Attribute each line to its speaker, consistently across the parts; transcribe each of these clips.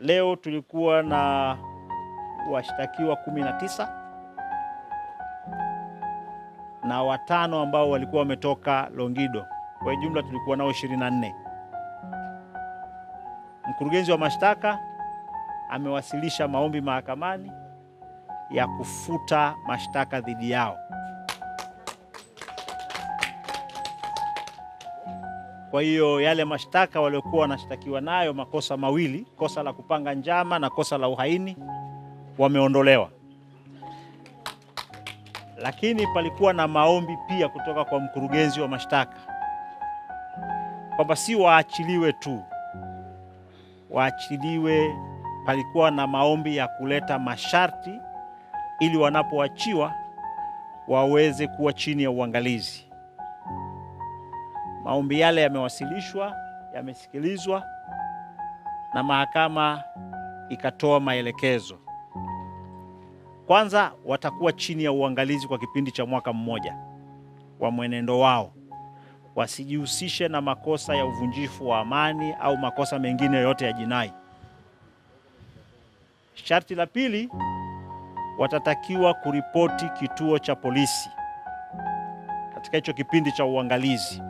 Speaker 1: Leo tulikuwa na washtakiwa 19 na watano ambao walikuwa wametoka Longido. Kwa jumla tulikuwa nao 24 Mkurugenzi wa mashtaka amewasilisha maombi mahakamani ya kufuta mashtaka dhidi yao. Kwa hiyo yale mashtaka waliokuwa wanashtakiwa nayo, makosa mawili, kosa la kupanga njama na kosa la uhaini, wameondolewa. Lakini palikuwa na maombi pia kutoka kwa mkurugenzi wa mashtaka kwamba si waachiliwe tu, waachiliwe. Palikuwa na maombi ya kuleta masharti ili wanapoachiwa waweze kuwa chini ya uangalizi. Maombi yale yamewasilishwa, yamesikilizwa na mahakama ikatoa maelekezo. Kwanza watakuwa chini ya uangalizi kwa kipindi cha mwaka mmoja wa mwenendo wao, wasijihusishe na makosa ya uvunjifu wa amani au makosa mengine yoyote ya jinai. Sharti la pili, watatakiwa kuripoti kituo cha polisi katika hicho kipindi cha uangalizi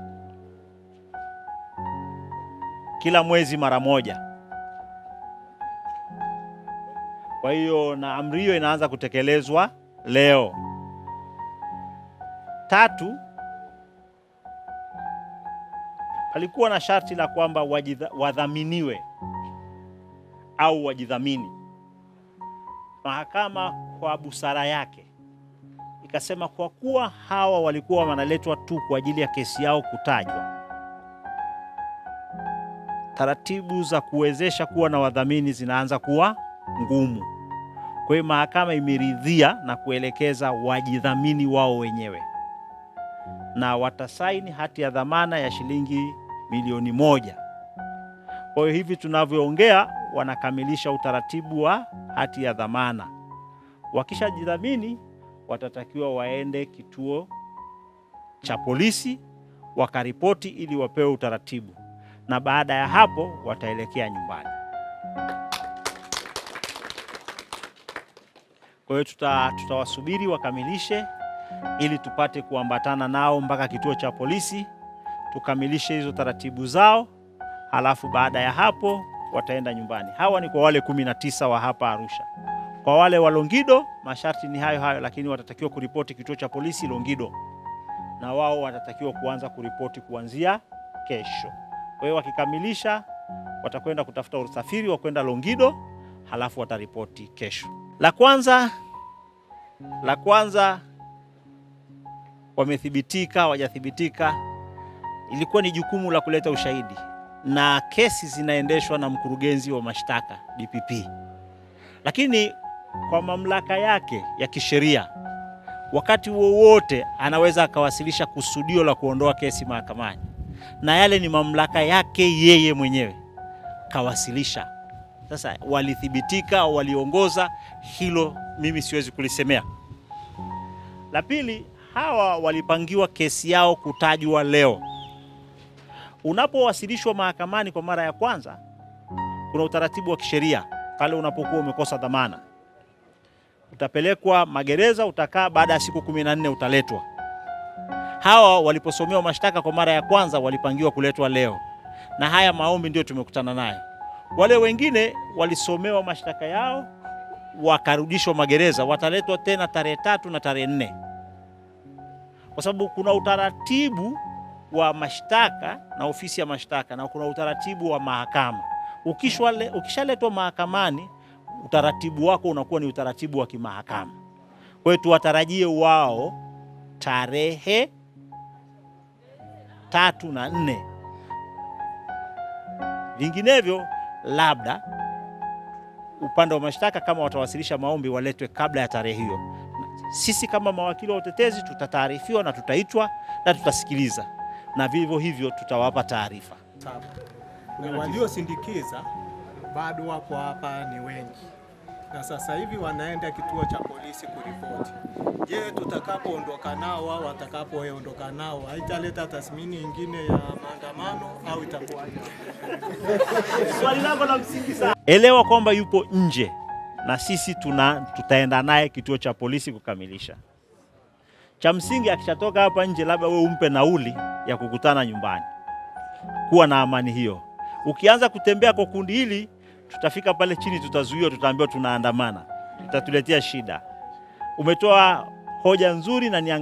Speaker 1: kila mwezi mara moja. Kwa hiyo na amri hiyo inaanza kutekelezwa leo. Tatu, palikuwa na sharti la kwamba wadhaminiwe au wajidhamini. Mahakama kwa busara yake ikasema kwa kuwa hawa walikuwa wanaletwa tu kwa ajili ya kesi yao kutajwa taratibu za kuwezesha kuwa na wadhamini zinaanza kuwa ngumu. Kwa hiyo mahakama imeridhia na kuelekeza wajidhamini wao wenyewe, na watasaini hati ya dhamana ya shilingi milioni moja. Kwa hiyo hivi tunavyoongea, wanakamilisha utaratibu wa hati ya dhamana. Wakishajidhamini, watatakiwa waende kituo cha polisi wakaripoti ili wapewe utaratibu na baada ya hapo wataelekea nyumbani. Kwa hiyo tuta, tutawasubiri wakamilishe ili tupate kuambatana nao mpaka kituo cha polisi tukamilishe hizo taratibu zao, halafu baada ya hapo wataenda nyumbani. Hawa ni kwa wale kumi na tisa wa hapa Arusha. Kwa wale wa Longido masharti ni hayo hayo, lakini watatakiwa kuripoti kituo cha polisi Longido, na wao watatakiwa kuanza kuripoti kuanzia kesho. Kwa hiyo wakikamilisha watakwenda kutafuta usafiri wa kwenda Longido, halafu wataripoti kesho. La kwanza la kwanza wamethibitika, wajathibitika, ilikuwa ni jukumu la kuleta ushahidi, na kesi zinaendeshwa na mkurugenzi wa mashtaka DPP, lakini kwa mamlaka yake ya kisheria wakati wowote anaweza akawasilisha kusudio la kuondoa kesi mahakamani na yale ni mamlaka yake yeye mwenyewe kawasilisha. Sasa walithibitika, waliongoza, hilo mimi siwezi kulisemea. La pili, hawa walipangiwa kesi yao kutajwa leo. Unapowasilishwa mahakamani kwa mara ya kwanza, kuna utaratibu wa kisheria pale unapokuwa umekosa dhamana, utapelekwa magereza, utakaa, baada ya siku 14 utaletwa hawa waliposomewa mashtaka kwa mara ya kwanza walipangiwa kuletwa leo, na haya maombi ndio tumekutana nayo. Wale wengine walisomewa mashtaka yao wakarudishwa magereza, wataletwa tena tarehe tatu na tarehe nne kwa sababu kuna utaratibu wa mashtaka na ofisi ya mashtaka na kuna utaratibu wa mahakama. Ukishaletwa mahakamani, utaratibu wako unakuwa ni utaratibu wa kimahakama. Kwa hiyo tuwatarajie wao tarehe tatu na nne. Vinginevyo labda upande wa mashtaka kama watawasilisha maombi waletwe kabla ya tarehe hiyo. Sisi kama mawakili wa utetezi tutataarifiwa na tutaitwa na tutasikiliza, na vivyo hivyo tutawapa taarifa.
Speaker 2: Waliosindikiza bado wapo hapa, ni wengi na sasa hivi wanaenda kituo cha polisi kuripoti. Je, tutakapoondoka nao au watakapoondoka nao haitaleta tathmini ingine ya maandamano au itakuwa?
Speaker 1: Swali lako la msingi sana. Elewa kwamba yupo nje na sisi tuna tutaenda naye kituo cha polisi kukamilisha. Cha msingi akishatoka hapa nje, labda wewe umpe nauli ya kukutana nyumbani. Kuwa na amani hiyo. Ukianza kutembea kwa kundi hili tutafika pale chini, tutazuiwa, tutaambiwa tunaandamana, tutatuletea shida. Umetoa hoja nzuri na